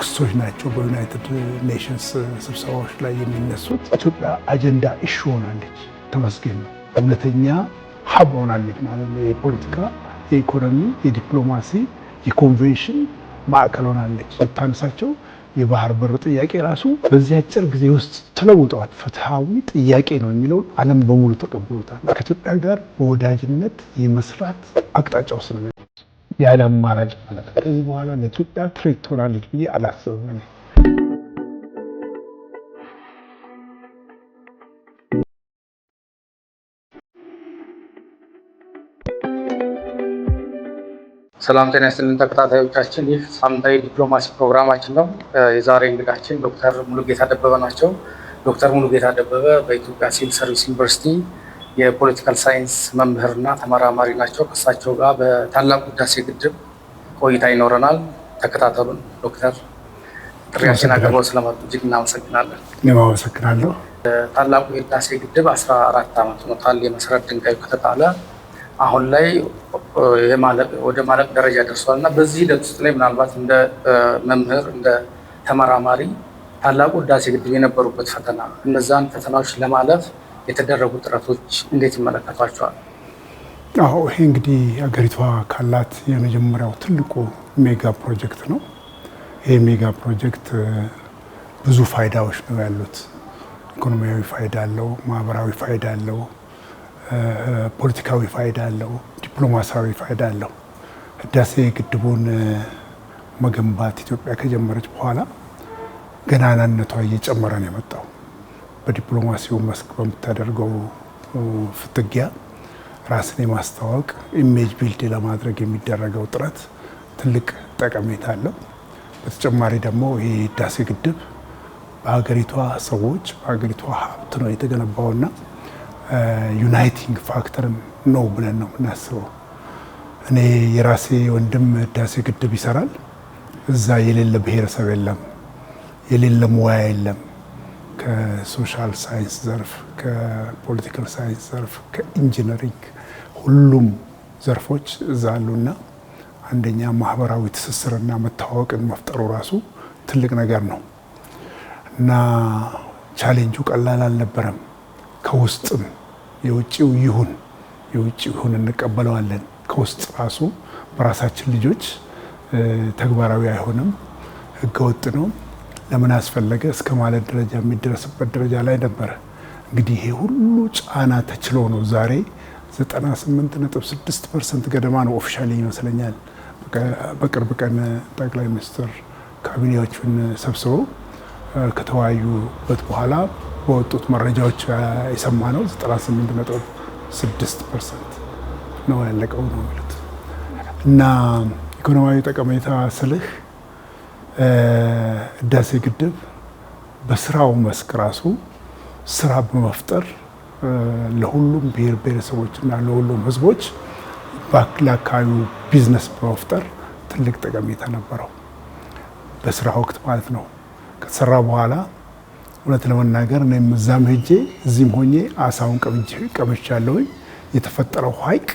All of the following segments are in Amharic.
ክሶች ናቸው በዩናይትድ ኔሽንስ ስብሰባዎች ላይ የሚነሱት። ኢትዮጵያ አጀንዳ እሹ ሆናለች። ተመስገን ነው። እውነተኛ ሀብ ሆናለች ማለት ነው። የፖለቲካ፣ የኢኮኖሚ፣ የዲፕሎማሲ፣ የኮንቬንሽን ማዕከል ሆናለች። ብታነሳቸው የባህር በር ጥያቄ ራሱ በዚህ አጭር ጊዜ ውስጥ ተለውጠዋል። ፍትሐዊ ጥያቄ ነው የሚለውን ዓለም በሙሉ ተቀብሎታል። ከኢትዮጵያ ጋር በወዳጅነት የመስራት አቅጣጫ ውስጥ ነው። ያለ አማራጭ ማለት ከዚህ በኋላ ለኢትዮጵያ ትሆናለች ብዬ አላስብም። ሰላም ጤና ይስጥልን ተከታታዮቻችን፣ ይህ ሳምንታዊ ዲፕሎማሲ ፕሮግራማችን ነው። የዛሬ እንግዳችን ዶክተር ሙሉጌታ ደበበ ናቸው። ዶክተር ሙሉጌታ ደበበ በኢትዮጵያ ሲቪል ሰርቪስ ዩኒቨርሲቲ የፖለቲካል ሳይንስ መምህርና ተመራማሪ ናቸው። ከእሳቸው ጋር በታላቁ ህዳሴ ግድብ ቆይታ ይኖረናል። ተከታተሉን። ዶክተር ጥሪያችን አቅርበው ስለመጡ እጅግ እናመሰግናለን። እኔም አመሰግናለሁ። ታላቁ የህዳሴ ግድብ 14 ዓመት ሆኖታል። የመሰረት ድንጋዩ ከተጣለ አሁን ላይ ወደ ማለቅ ደረጃ ደርሷል እና በዚህ ሂደት ውስጥ ላይ ምናልባት እንደ መምህር እንደ ተመራማሪ ታላቁ ህዳሴ ግድብ የነበሩበት ፈተና እነዛን ፈተናዎች ለማለፍ የተደረጉ ጥረቶች እንዴት ይመለከቷቸዋል? አዎ ይሄ እንግዲህ አገሪቷ ካላት የመጀመሪያው ትልቁ ሜጋ ፕሮጀክት ነው። ይሄ ሜጋ ፕሮጀክት ብዙ ፋይዳዎች ነው ያሉት። ኢኮኖሚያዊ ፋይዳ አለው፣ ማህበራዊ ፋይዳ አለው፣ ፖለቲካዊ ፋይዳ አለው፣ ዲፕሎማሲያዊ ፋይዳ አለው። ህዳሴ ግድቡን መገንባት ኢትዮጵያ ከጀመረች በኋላ ገናናነቷ እየጨመረ ነው የመጣው። በዲፕሎማሲው መስክ በምታደርገው ፍትጊያ ራስን የማስተዋወቅ ኢሜጅ ቢልድ ለማድረግ የሚደረገው ጥረት ትልቅ ጠቀሜታ አለው። በተጨማሪ ደግሞ ይህ ህዳሴ ግድብ በሀገሪቷ ሰዎች በሀገሪቷ ሀብት ነው የተገነባውና ዩናይቲንግ ፋክተርም ነው ብለን ነው የምናስበው። እኔ የራሴ ወንድም ህዳሴ ግድብ ይሰራል። እዛ የሌለ ብሔረሰብ የለም፣ የሌለ ሙያ የለም ከሶሻል ሳይንስ ዘርፍ፣ ከፖለቲካል ሳይንስ ዘርፍ፣ ከኢንጂነሪንግ ሁሉም ዘርፎች እዛ አሉና አንደኛ ማህበራዊ ትስስርና መታዋወቅን መፍጠሩ ራሱ ትልቅ ነገር ነው እና ቻሌንጁ ቀላል አልነበረም። ከውስጥም የውጭው ይሁን የውጭ ይሁን እንቀበለዋለን። ከውስጥ ራሱ በራሳችን ልጆች ተግባራዊ አይሆንም፣ ህገወጥ ነው። ለምን አስፈለገ እስከ ማለት ደረጃ የሚደረስበት ደረጃ ላይ ነበረ። እንግዲህ ይሄ ሁሉ ጫና ተችሎ ነው ዛሬ 98.6 ፐርሰንት ገደማ ነው ኦፊሻሊ ይመስለኛል። በቅርብ ቀን ጠቅላይ ሚኒስትር ካቢኔዎቹን ሰብስበው ከተወያዩበት በኋላ በወጡት መረጃዎች የሰማ ነው 98.6 ፐርሰንት ነው ያለቀው ነው ማለት እና ኢኮኖሚያዊ ጠቀሜታ ስልህ ህዳሴ ግድብ በስራው መስክ ራሱ ስራ በመፍጠር ለሁሉም ብሔር ብሔረሰቦችና ለሁሉም ህዝቦች ለአካባቢው ቢዝነስ በመፍጠር ትልቅ ጠቀሜታ ነበረው። በስራ ወቅት ማለት ነው። ከተሰራ በኋላ እውነት ለመናገር እኔም እዛም ሄጄ እዚህም ሆኜ አሳውን ቀምቻለሁኝ። የተፈጠረው ሀይቅ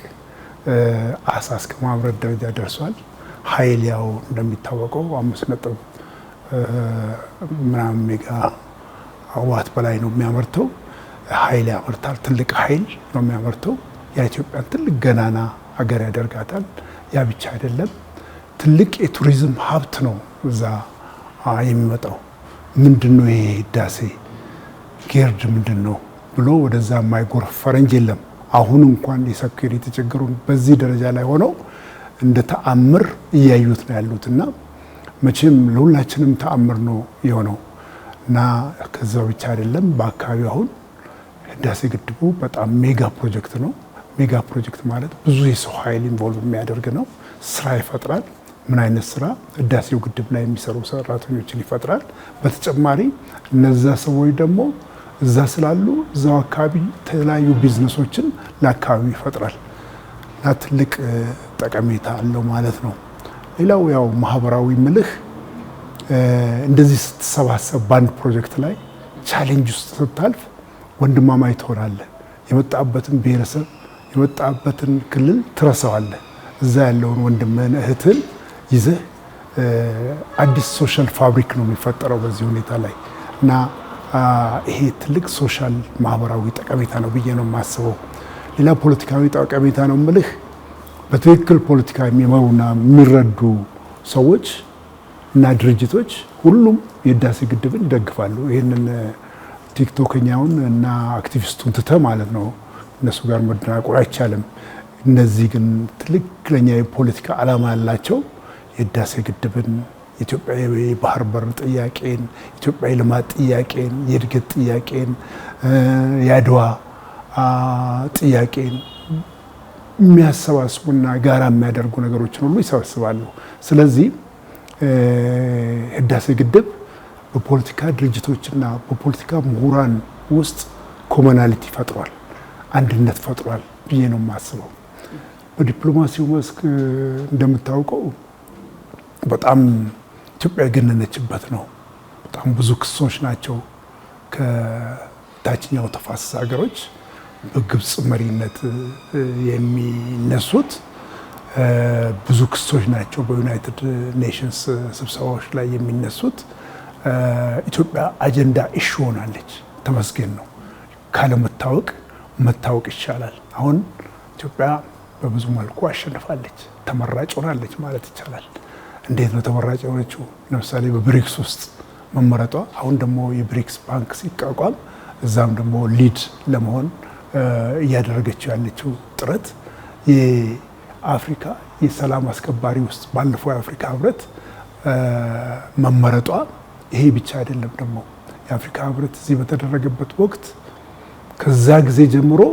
አሳ እስከ ማምረት ደረጃ ደርሷል። ኃይል ያው እንደሚታወቀው አምስት ነጥብ ምናምን ሜጋ ዋት በላይ ነው የሚያመርተው። ኃይል ያመርታል። ትልቅ ኃይል ነው የሚያመርተው። የኢትዮጵያን ትልቅ ገናና ሀገር ያደርጋታል። ያ ብቻ አይደለም፣ ትልቅ የቱሪዝም ሀብት ነው እዛ የሚመጣው። ምንድን ነው ይሄ ህዳሴ ጌርድ ምንድን ነው ብሎ ወደዛ የማይጎርፍ ፈረንጅ የለም። አሁን እንኳን የሰኪሪቲ ችግሩን በዚህ ደረጃ ላይ ሆነው እንደ ተአምር እያዩት ነው ያሉት እና መቼም ለሁላችንም ተአምር ነው የሆነው እና ከዛ ብቻ አይደለም። በአካባቢው አሁን ህዳሴ ግድቡ በጣም ሜጋ ፕሮጀክት ነው። ሜጋ ፕሮጀክት ማለት ብዙ የሰው ኃይል ኢንቮልቭ የሚያደርግ ነው። ስራ ይፈጥራል። ምን አይነት ስራ? ህዳሴው ግድብ ላይ የሚሰሩ ሰራተኞችን ይፈጥራል። በተጨማሪ እነዛ ሰዎች ደግሞ እዛ ስላሉ እዛው አካባቢ የተለያዩ ቢዝነሶችን ለአካባቢ ይፈጥራል እና ትልቅ ጠቀሜታ አለው ማለት ነው። ሌላው ያው ማህበራዊ ምልህ እንደዚህ ስትሰባሰብ በአንድ ፕሮጀክት ላይ ቻሌንጅ ውስጥ ስታልፍ ወንድማማኝ ትሆናለህ። የመጣበትን ብሔረሰብ የመጣበትን ክልል ትረሳዋለህ። እዛ ያለውን ወንድምህን እህትን ይዘህ አዲስ ሶሻል ፋብሪክ ነው የሚፈጠረው በዚህ ሁኔታ ላይ እና ይሄ ትልቅ ሶሻል ማህበራዊ ጠቀሜታ ነው ብዬ ነው የማስበው። ሌላ ፖለቲካዊ ጠቀሜታ ነው ምልህ በትክክል ፖለቲካ የሚመሩና የሚረዱ ሰዎች እና ድርጅቶች ሁሉም የህዳሴ ግድብን ይደግፋሉ። ይህንን ቲክቶከኛውን እና አክቲቪስቱን ትተ ማለት ነው እነሱ ጋር መደናቆር አይቻልም። እነዚህ ግን ትክክለኛ የፖለቲካ ዓላማ ያላቸው የህዳሴ ግድብን ኢትዮጵያ የባህር በር ጥያቄን፣ ኢትዮጵያ የልማት ጥያቄን፣ የእድገት ጥያቄን፣ የአድዋ ጥያቄን የሚያሰባስቡና ጋራ የሚያደርጉ ነገሮችን ሁሉ ይሰበስባሉ። ስለዚህ ህዳሴ ግድብ በፖለቲካ ድርጅቶችና በፖለቲካ ምሁራን ውስጥ ኮመናሊቲ ፈጥሯል፣ አንድነት ፈጥሯል ብዬ ነው የማስበው። በዲፕሎማሲው መስክ እንደምታውቀው በጣም ኢትዮጵያ የገነነችበት ነው። በጣም ብዙ ክሶች ናቸው ከታችኛው ተፋሰስ ሀገሮች በግብፅ መሪነት የሚነሱት ብዙ ክሶች ናቸው። በዩናይትድ ኔሽንስ ስብሰባዎች ላይ የሚነሱት ኢትዮጵያ አጀንዳ እሽ ሆናለች። ተመስገን ነው። ካለመታወቅ መታወቅ ይቻላል። አሁን ኢትዮጵያ በብዙ መልኩ አሸንፋለች፣ ተመራጭ ሆናለች ማለት ይቻላል። እንዴት ነው ተመራጭ የሆነችው? ለምሳሌ በብሪክስ ውስጥ መመረጧ፣ አሁን ደግሞ የብሪክስ ባንክ ሲቋቋም እዛም ደግሞ ሊድ ለመሆን እያደረገችው ያለችው ጥረት የአፍሪካ የሰላም አስከባሪ ውስጥ ባለፈው የአፍሪካ ህብረት መመረጧ ይሄ ብቻ አይደለም። ደግሞ የአፍሪካ ህብረት እዚህ በተደረገበት ወቅት ከዛ ጊዜ ጀምሮ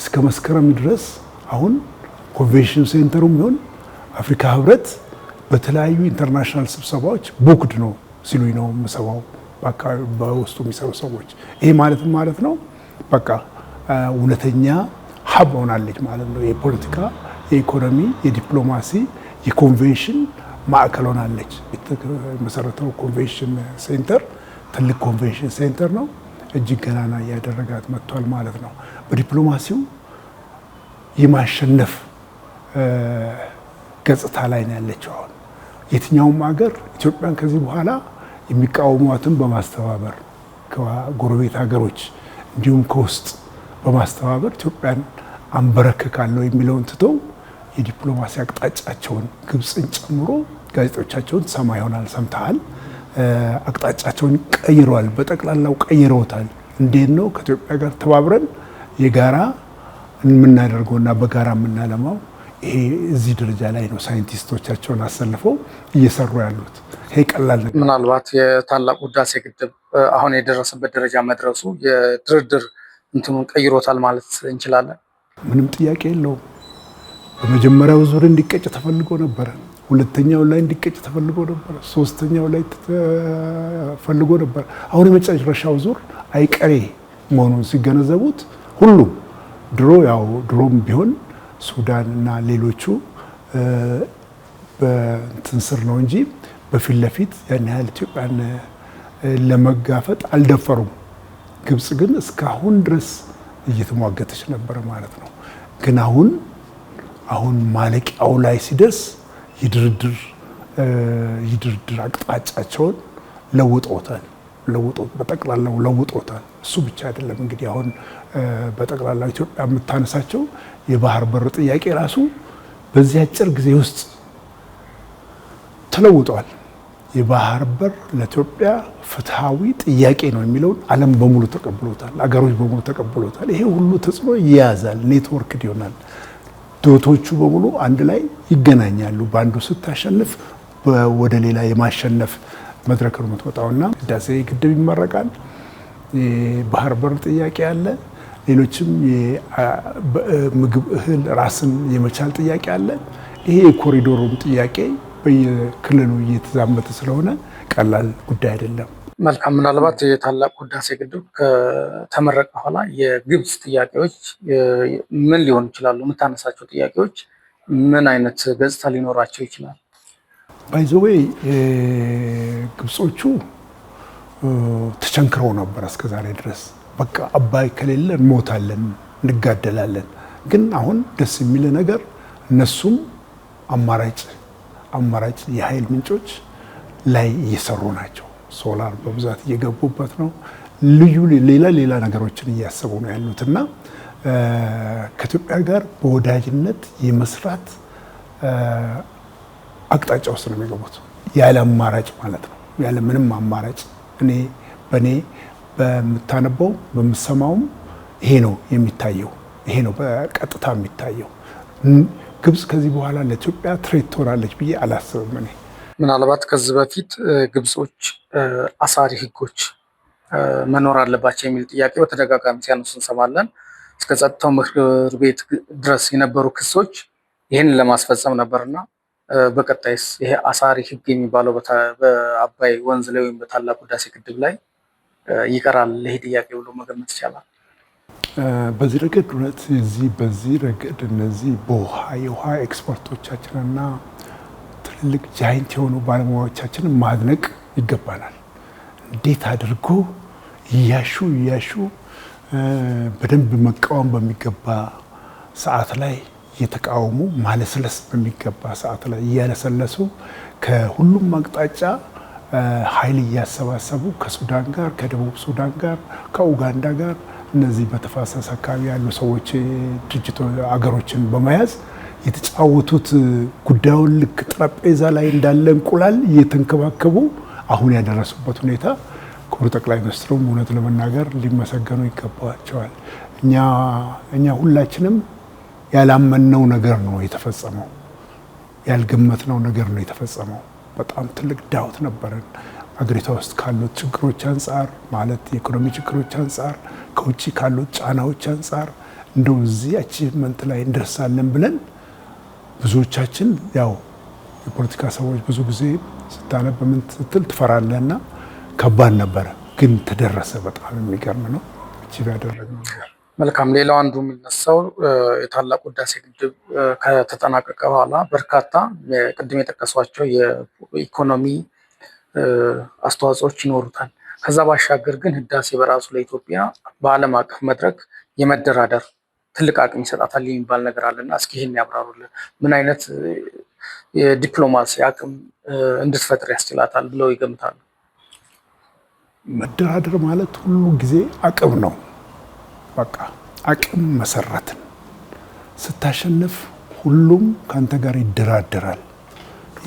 እስከ መስከረም ድረስ አሁን ኮንቬንሽን ሴንተሩም ይሁን አፍሪካ ህብረት በተለያዩ ኢንተርናሽናል ስብሰባዎች ቡክድ ነው ሲሉኝ ነው የምሰማው በውስጡ የሚሰሩ ሰዎች። ይሄ ማለት ማለት ነው በቃ እውነተኛ ሀብ ሆናለች ማለት ነው። የፖለቲካ፣ የኢኮኖሚ፣ የዲፕሎማሲ፣ የኮንቬንሽን ማዕከል ሆናለች። የተመሰረተው ኮንቬንሽን ሴንተር ትልቅ ኮንቬንሽን ሴንተር ነው። እጅግ ገናና እያደረጋት መጥቷል ማለት ነው። በዲፕሎማሲው የማሸነፍ ገጽታ ላይ ነው ያለችው አሁን። የትኛውም ሀገር ኢትዮጵያን ከዚህ በኋላ የሚቃወሟትን በማስተባበር ከጎረቤት ሀገሮች እንዲሁም ከውስጥ በማስተባበር ኢትዮጵያን አንበረክካለሁ የሚለውን ትተው የዲፕሎማሲ አቅጣጫቸውን ግብፅን ጨምሮ ጋዜጦቻቸውን ሰማ ይሆናል ሰምተሃል። አቅጣጫቸውን ቀይረዋል፣ በጠቅላላው ቀይረውታል። እንዴት ነው ከኢትዮጵያ ጋር ተባብረን የጋራ የምናደርገውና በጋራ የምናለማው ይሄ እዚህ ደረጃ ላይ ነው። ሳይንቲስቶቻቸውን አሰልፈው እየሰሩ ያሉት ይሄ ቀላል ነገር ምናልባት የታላቁ ህዳሴ ግድብ አሁን የደረሰበት ደረጃ መድረሱ የድርድር እንትኑን ቀይሮታል ማለት እንችላለን። ምንም ጥያቄ የለውም። በመጀመሪያው ዙር እንዲቀጭ ተፈልጎ ነበረ። ሁለተኛው ላይ እንዲቀጭ ተፈልጎ ነበረ። ሶስተኛው ላይ ተፈልጎ ነበረ። አሁን የመጨረሻው ዙር አይቀሬ መሆኑን ሲገነዘቡት ሁሉም ድሮ ያው ድሮም ቢሆን ሱዳን እና ሌሎቹ በእንትን ስር ነው እንጂ በፊት ለፊት ያን ያህል ኢትዮጵያን ለመጋፈጥ አልደፈሩም። ግብጽ ግን እስካሁን ድረስ እየተሟገተች ነበረ ማለት ነው። ግን አሁን አሁን ማለቂያው ላይ ሲደርስ የድርድር የድርድር አቅጣጫቸውን ለውጦታል ለውጦት በጠቅላላው ለውጦታል። እሱ ብቻ አይደለም እንግዲህ አሁን በጠቅላላው ኢትዮጵያ የምታነሳቸው የባህር በር ጥያቄ ራሱ በዚህ አጭር ጊዜ ውስጥ ተለውጠዋል። የባህር በር ለኢትዮጵያ ፍትሐዊ ጥያቄ ነው የሚለውን ዓለም በሙሉ ተቀብሎታል። አገሮች በሙሉ ተቀብሎታል። ይሄ ሁሉ ተጽዕኖ ይያዛል፣ ኔትወርክ ይሆናል። ዶቶቹ በሙሉ አንድ ላይ ይገናኛሉ። በአንዱ ስታሸንፍ ወደ ሌላ የማሸነፍ መድረክ ነው የምትወጣውና ህዳሴ ግድብ ይመረቃል። የባህር በር ጥያቄ አለ። ሌሎችም ምግብ፣ እህል ራስን የመቻል ጥያቄ አለ። ይሄ የኮሪዶሩም ጥያቄ በየክልሉ እየተዛመተ ስለሆነ ቀላል ጉዳይ አይደለም። መልካም። ምናልባት የታላቁ ህዳሴ ግድብ ከተመረቀ በኋላ የግብፅ ጥያቄዎች ምን ሊሆን ይችላሉ? የምታነሳቸው ጥያቄዎች ምን አይነት ገጽታ ሊኖራቸው ይችላል? ባይዘወይ ግብጾቹ ተቸንክረው ነበር እስከዛሬ ድረስ በቃ አባይ ከሌለ እንሞታለን፣ እንጋደላለን። ግን አሁን ደስ የሚል ነገር እነሱም አማራጭ አማራጭ የኃይል ምንጮች ላይ እየሰሩ ናቸው። ሶላር በብዛት እየገቡበት ነው። ልዩ ሌላ ሌላ ነገሮችን እያሰቡ ነው ያሉት እና ከኢትዮጵያ ጋር በወዳጅነት የመስራት አቅጣጫ ውስጥ ነው የሚገቡት። ያለ አማራጭ ማለት ነው። ያለ ምንም አማራጭ እኔ በእኔ በምታነበው በምሰማውም ይሄ ነው የሚታየው። ይሄ ነው በቀጥታ የሚታየው። ግብጽ ከዚህ በኋላ ለኢትዮጵያ ትሬት ትሆናለች ብዬ አላስብም። እኔ ምናልባት ከዚህ በፊት ግብጾች አሳሪ ህጎች መኖር አለባቸው የሚል ጥያቄ በተደጋጋሚ ሲያነሱ እንሰማለን። እስከ ጸጥታው ምክር ቤት ድረስ የነበሩ ክሶች ይህን ለማስፈጸም ነበርና በቀጣይስ ይሄ አሳሪ ህግ የሚባለው በአባይ ወንዝ ላይ ወይም በታላቁ ህዳሴ ግድብ ላይ ይቀራል ይሄ ጥያቄ ብሎ መገመት ይቻላል። በዚህ ረገድ እውነት እዚህ በዚህ ረገድ እነዚህ በውሃ የውሃ ኤክስፐርቶቻችንና ትልልቅ ጃይንት የሆኑ ባለሙያዎቻችን ማድነቅ ይገባናል። እንዴት አድርጎ እያሹ እያሹ በደንብ መቃወም በሚገባ ሰዓት ላይ እየተቃወሙ ማለስለስ በሚገባ ሰዓት ላይ እያለሰለሱ ከሁሉም አቅጣጫ ኃይል እያሰባሰቡ ከሱዳን ጋር ከደቡብ ሱዳን ጋር ከኡጋንዳ ጋር እነዚህ በተፋሰስ አካባቢ ያሉ ሰዎች ድርጅቶ አገሮችን በመያዝ የተጫወቱት ጉዳዩን ልክ ጠረጴዛ ላይ እንዳለ እንቁላል እየተንከባከቡ አሁን ያደረሱበት ሁኔታ ክቡር ጠቅላይ ሚኒስትሩም እውነት ለመናገር ሊመሰገኑ ይገባቸዋል። እኛ እኛ ሁላችንም ያላመንነው ነገር ነው የተፈጸመው፣ ያልገመትነው ነገር ነው የተፈጸመው። በጣም ትልቅ ዳውት ነበረን። አገሪቷ ውስጥ ካሉት ችግሮች አንጻር ማለት የኢኮኖሚ ችግሮች አንጻር ከውጭ ካሉት ጫናዎች አንጻር እንደው እዚህ አቺቭመንት ላይ እንደርሳለን ብለን ብዙዎቻችን ያው የፖለቲካ ሰዎች ብዙ ጊዜ ስታነብ ምን ስትል ትፈራለህ እና ከባድ ነበረ፣ ግን ተደረሰ። በጣም የሚገርም ነው አቺቭ ያደረግነው ነገር። መልካም። ሌላው አንዱ የሚነሳው የታላቁ ህዳሴ ግድብ ከተጠናቀቀ በኋላ በርካታ ቅድም የጠቀሷቸው የኢኮኖሚ አስተዋጽኦች ይኖሩታል። ከዛ ባሻገር ግን ህዳሴ በራሱ ለኢትዮጵያ በዓለም አቀፍ መድረክ የመደራደር ትልቅ አቅም ይሰጣታል የሚባል ነገር አለና እስኪ ይህን ያብራሩልን። ምን አይነት የዲፕሎማሲ አቅም እንድትፈጥር ያስችላታል ብለው ይገምታሉ? መደራደር ማለት ሁሉ ጊዜ አቅም ነው። በቃ አቅም መሰረትን ስታሸንፍ ሁሉም ከአንተ ጋር ይደራደራል።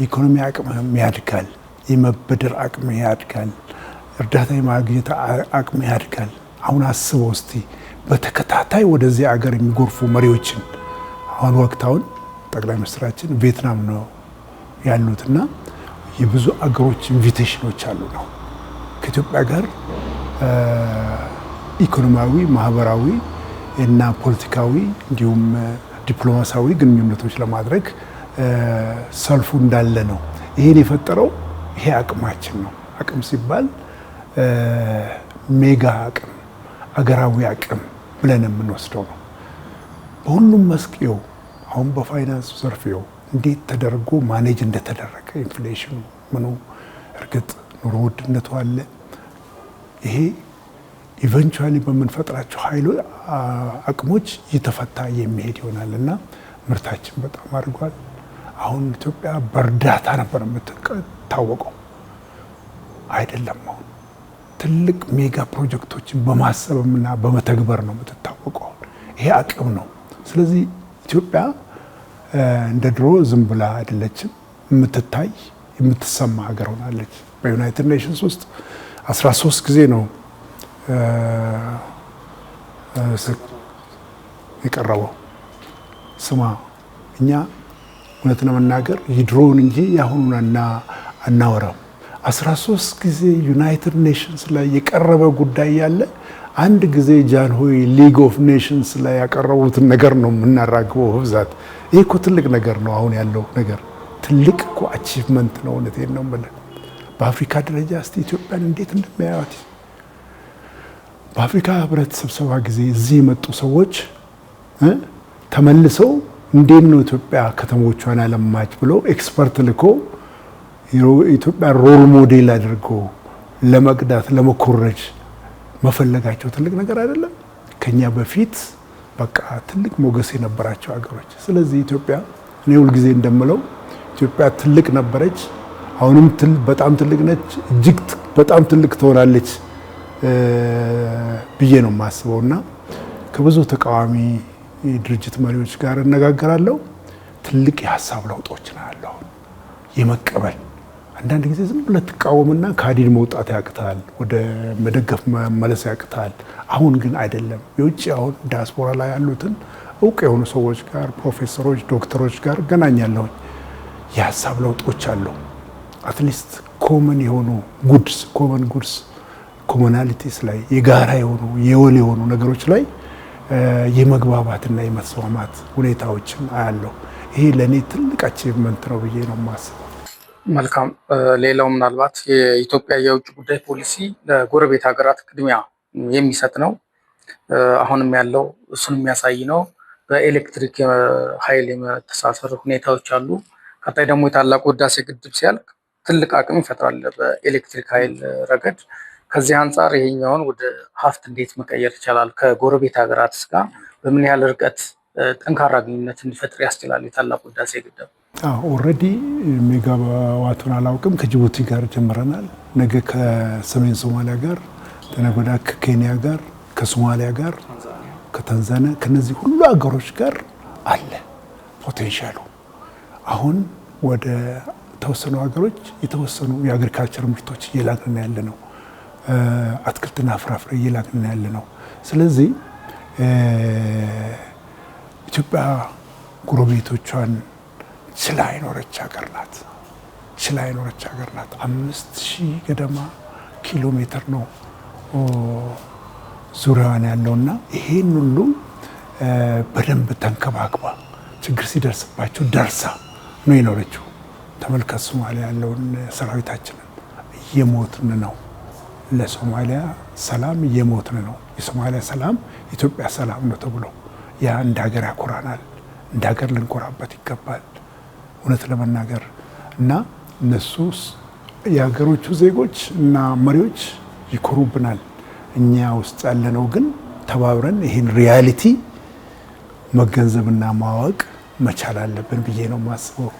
የኢኮኖሚ አቅም ያድጋል። የመበደር አቅሜ ያድጋል፣ እርዳታ የማግኘት አቅሜ ያድጋል። አሁን አስበው እስቲ በተከታታይ ወደዚህ አገር የሚጎርፉ መሪዎችን አሁን ወቅት አሁን ጠቅላይ ሚኒስትራችን ቪየትናም ነው ያሉትና የብዙ አገሮች ኢንቪቴሽኖች አሉ ነው ከኢትዮጵያ ጋር ኢኮኖሚያዊ፣ ማህበራዊ እና ፖለቲካዊ እንዲሁም ዲፕሎማሲያዊ ግንኙነቶች ለማድረግ ሰልፉ እንዳለ ነው። ይህን የፈጠረው ይሄ አቅማችን ነው። አቅም ሲባል ሜጋ አቅም፣ አገራዊ አቅም ብለን የምንወስደው ነው። በሁሉም መስክ ይኸው አሁን በፋይናንስ ዘርፍ ይኸው እንዴት ተደርጎ ማኔጅ እንደተደረገ ኢንፍሌሽኑ ምኑ፣ እርግጥ ኑሮ ውድነቱ አለ። ይሄ ኢቨንቹዋሊ በምንፈጥራቸው ኃይሎ አቅሞች እየተፈታ የሚሄድ ይሆናል እና ምርታችን በጣም አድርጓል። አሁን ኢትዮጵያ በእርዳታ ነበር የምትቀጥ የምትታወቀው አይደለም። አሁን ትልቅ ሜጋ ፕሮጀክቶችን በማሰብና በመተግበር ነው የምትታወቀው። ይሄ አቅም ነው። ስለዚህ ኢትዮጵያ እንደ ድሮ ዝም ብላ አይደለችም፣ የምትታይ የምትሰማ ሀገር ሆናለች። በዩናይትድ ኔሽንስ ውስጥ 13 ጊዜ ነው የቀረበው። ስማ እኛ እውነት ለመናገር የድሮውን እንጂ የአሁኑና አናወራም። አስራ ሶስት ጊዜ ዩናይትድ ኔሽንስ ላይ የቀረበ ጉዳይ ያለ አንድ ጊዜ ጃንሆይ ሊግ ኦፍ ኔሽንስ ላይ ያቀረቡትን ነገር ነው የምናራግበው በብዛት። ይህ እኮ ትልቅ ነገር ነው። አሁን ያለው ነገር ትልቅ እኮ አቺቭመንት ነው። እውነቴን ነው የምልህ። በአፍሪካ ደረጃ እስቲ ኢትዮጵያን እንዴት እንደሚያዩት በአፍሪካ ህብረት ስብሰባ ጊዜ እዚህ የመጡ ሰዎች ተመልሰው እንዴት ነው ኢትዮጵያ ከተሞቿን ያለማች ብሎ ኤክስፐርት ልኮ ኢትዮጵያ ሮል ሞዴል አድርጎ ለመቅዳት ለመኮረጅ መፈለጋቸው ትልቅ ነገር አይደለም። ከኛ በፊት በቃ ትልቅ ሞገስ የነበራቸው ሀገሮች። ስለዚህ ኢትዮጵያ እኔ ሁልጊዜ እንደምለው ኢትዮጵያ ትልቅ ነበረች፣ አሁንም በጣም ትልቅ ነች፣ እጅግ በጣም ትልቅ ትሆናለች ብዬ ነው የማስበው እና ከብዙ ተቃዋሚ ድርጅት መሪዎች ጋር እነጋገራለሁ። ትልቅ የሀሳብ ለውጦች ነው ያለው የመቀበል አንዳንድ ጊዜ ዝም ብለህ ትቃወምና ከሀዲድ መውጣት ያቅታል፣ ወደ መደገፍ መመለስ ያቅታል። አሁን ግን አይደለም። የውጭ አሁን ዲያስፖራ ላይ ያሉትን እውቅ የሆኑ ሰዎች ጋር ፕሮፌሰሮች፣ ዶክተሮች ጋር ገናኛለሁኝ። የሀሳብ ለውጦች አሉ። አትሊስት ኮመን የሆኑ ጉድስ ኮመን ጉድስ ኮመናሊቲስ ላይ የጋራ የሆኑ የወል የሆኑ ነገሮች ላይ የመግባባትና የመስማማት ሁኔታዎችን አያለሁ። ይሄ ለእኔ ትልቅ አቺቭመንት ነው ብዬ ነው የማስበው። መልካም። ሌላው ምናልባት የኢትዮጵያ የውጭ ጉዳይ ፖሊሲ ለጎረቤት ሀገራት ቅድሚያ የሚሰጥ ነው። አሁንም ያለው እሱን የሚያሳይ ነው። በኤሌክትሪክ ኃይል የመተሳሰር ሁኔታዎች አሉ። ቀጣይ ደግሞ የታላቁ ህዳሴ ግድብ ሲያልቅ ትልቅ አቅም ይፈጥራል በኤሌክትሪክ ኃይል ረገድ። ከዚህ አንጻር ይሄኛውን ወደ ሀብት እንዴት መቀየር ይቻላል? ከጎረቤት ሀገራት ጋር በምን ያህል ርቀት ጠንካራ ግንኙነት እንዲፈጥር ያስችላል የታላቁ ህዳሴ ግድብ? ኦልሬዲ ሜጋዋቱን አላውቅም። ከጅቡቲ ጋር ጀምረናል። ነገ ከሰሜን ሶማሊያ ጋር፣ ከነገ ወዲያ ከኬንያ ጋር፣ ከሶማሊያ ጋር፣ ከታንዛኒያ ከነዚህ ሁሉ ሀገሮች ጋር አለ ፖቴንሻሉ። አሁን ወደ ተወሰኑ ሀገሮች የተወሰኑ የአግሪካልቸር ምርቶች እየላክን ያለ ነው። አትክልትና ፍራፍሬ እየላክን ያለ ነው። ስለዚህ ኢትዮጵያ ጎረቤቶቿን ስለ አይኖረች ሀገር ናት። ስለ ሀገር ናት። አምስት ሺህ ገደማ ኪሎ ሜትር ነው ዙሪያዋን ያለውና ይሄን ሁሉ በደንብ ተንከባክባ ችግር ሲደርስባቸው ደርሳ ነው የኖረችው። ተመልከት ሶማሊያ ያለውን ሰራዊታችንን እየሞትን ነው። ለሶማሊያ ሰላም እየሞትን ነው። የሶማሊያ ሰላም ኢትዮጵያ ሰላም ነው ተብሎ ያ እንደ ሀገር ያኮራናል። እንደ ሀገር ልንኮራበት ይገባል። እውነት ለመናገር እና እነሱ የሀገሮቹ ዜጎች እና መሪዎች ይኮሩብናል። እኛ ውስጥ ያለነው ግን ተባብረን ይህን ሪያሊቲ መገንዘብና ማወቅ መቻል አለብን ብዬ ነው የማስበው።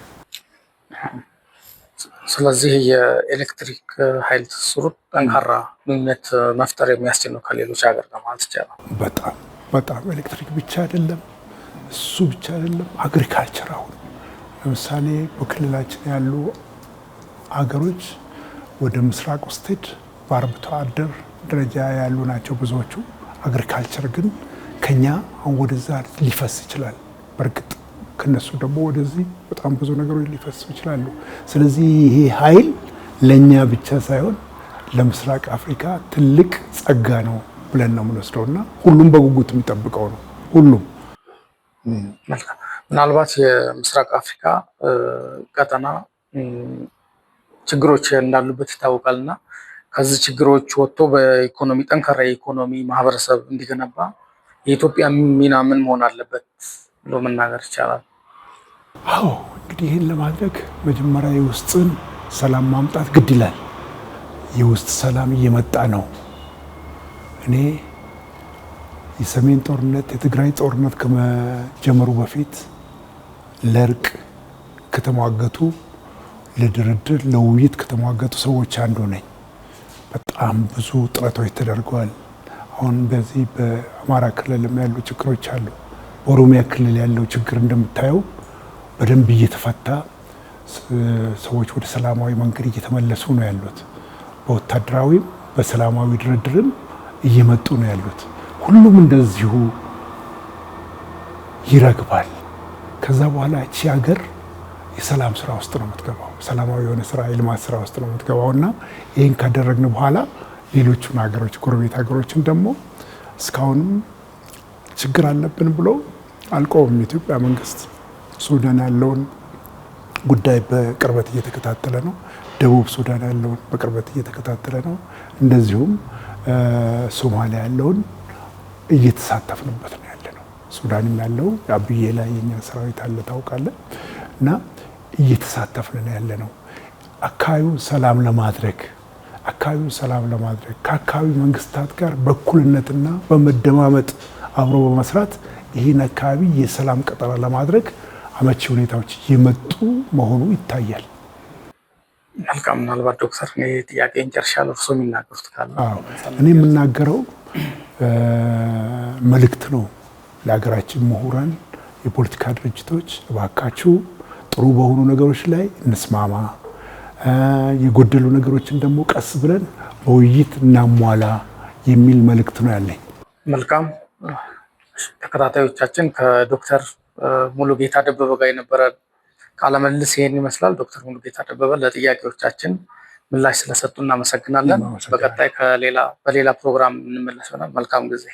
ስለዚህ የኤሌክትሪክ ኃይል ትስስሩ ጠንካራ ግንኙነት መፍጠር የሚያስችል ነው ከሌሎች ሀገር ለማለት ይቻላል። በጣም በጣም ኤሌክትሪክ ብቻ አይደለም፣ እሱ ብቻ አይደለም፣ አግሪካልቸር አሁን ለምሳሌ በክልላችን ያሉ አገሮች ወደ ምስራቅ ውስቴድ በአርብቶ አደር ደረጃ ያሉ ናቸው ብዙዎቹ። አግሪካልቸር ግን ከኛ ወደዛ ሊፈስ ይችላል። በእርግጥ ከነሱ ደግሞ ወደዚህ በጣም ብዙ ነገሮች ሊፈሱ ይችላሉ። ስለዚህ ይሄ ኃይል ለእኛ ብቻ ሳይሆን ለምስራቅ አፍሪካ ትልቅ ጸጋ ነው ብለን ነው የምንወስደው እና ሁሉም በጉጉት የሚጠብቀው ነው። ሁሉም ምናልባት የምስራቅ አፍሪካ ቀጠና ችግሮች እንዳሉበት ይታወቃል እና ከዚህ ችግሮች ወጥቶ በኢኮኖሚ ጠንካራ የኢኮኖሚ ማህበረሰብ እንዲገነባ የኢትዮጵያ ሚና ምን መሆን አለበት ብሎ መናገር ይቻላል? አዎ እንግዲህ ይህን ለማድረግ መጀመሪያ የውስጥን ሰላም ማምጣት ግድ ይላል። የውስጥ ሰላም እየመጣ ነው። እኔ የሰሜን ጦርነት የትግራይ ጦርነት ከመጀመሩ በፊት ለእርቅ ከተሟገቱ ለድርድር፣ ለውይይት ከተሟገቱ ሰዎች አንዱ ነኝ። በጣም ብዙ ጥረቶች ተደርገዋል። አሁን በዚህ በአማራ ክልልም ያሉ ችግሮች አሉ። በኦሮሚያ ክልል ያለው ችግር እንደምታየው በደንብ እየተፈታ ሰዎች ወደ ሰላማዊ መንገድ እየተመለሱ ነው ያሉት። በወታደራዊም በሰላማዊ ድርድርም እየመጡ ነው ያሉት። ሁሉም እንደዚሁ ይረግባል። ከዛ በኋላ እቺ ሀገር የሰላም ስራ ውስጥ ነው የምትገባው። ሰላማዊ የሆነ ስራ፣ የልማት ስራ ውስጥ ነው የምትገባው እና ይህን ካደረግን በኋላ ሌሎቹን ሀገሮች ጎረቤት ሀገሮችን ደግሞ እስካሁንም ችግር አለብን ብሎ አልቆም። የኢትዮጵያ መንግስት ሱዳን ያለውን ጉዳይ በቅርበት እየተከታተለ ነው። ደቡብ ሱዳን ያለውን በቅርበት እየተከታተለ ነው። እንደዚሁም ሶማሊያ ያለውን እየተሳተፍንበት ነው ሱዳንም ያለው አብዬ ላይ የኛ ሰራዊት አለ ታውቃለህ። እና እየተሳተፍን ያለ ነው አካባቢው ሰላም ለማድረግ አካባቢው ሰላም ለማድረግ ከአካባቢ መንግስታት ጋር በእኩልነትና በመደማመጥ አብሮ በመስራት ይህን አካባቢ የሰላም ቀጠና ለማድረግ አመቺ ሁኔታዎች እየመጡ መሆኑ ይታያል። መልካም። ምናልባት ዶክተር እኔ ጥያቄ እንጨርሻለሁ፣ እርስዎ የሚናገሩት ካለ እኔ የምናገረው መልእክት ነው ለሀገራችን ምሁራን፣ የፖለቲካ ድርጅቶች እባካችሁ ጥሩ በሆኑ ነገሮች ላይ እንስማማ፣ የጎደሉ ነገሮችን ደግሞ ቀስ ብለን በውይይት እናሟላ የሚል መልእክት ነው ያለኝ። መልካም ተከታታዮቻችን ከዶክተር ሙሉጌታ ደበበ ጋር የነበረ ቃለምልልስ ይሄን ይመስላል። ዶክተር ሙሉጌታ ደበበ ለጥያቄዎቻችን ምላሽ ስለሰጡ እናመሰግናለን። በቀጣይ በሌላ ፕሮግራም እንመለስ ይሆናል። መልካም ጊዜ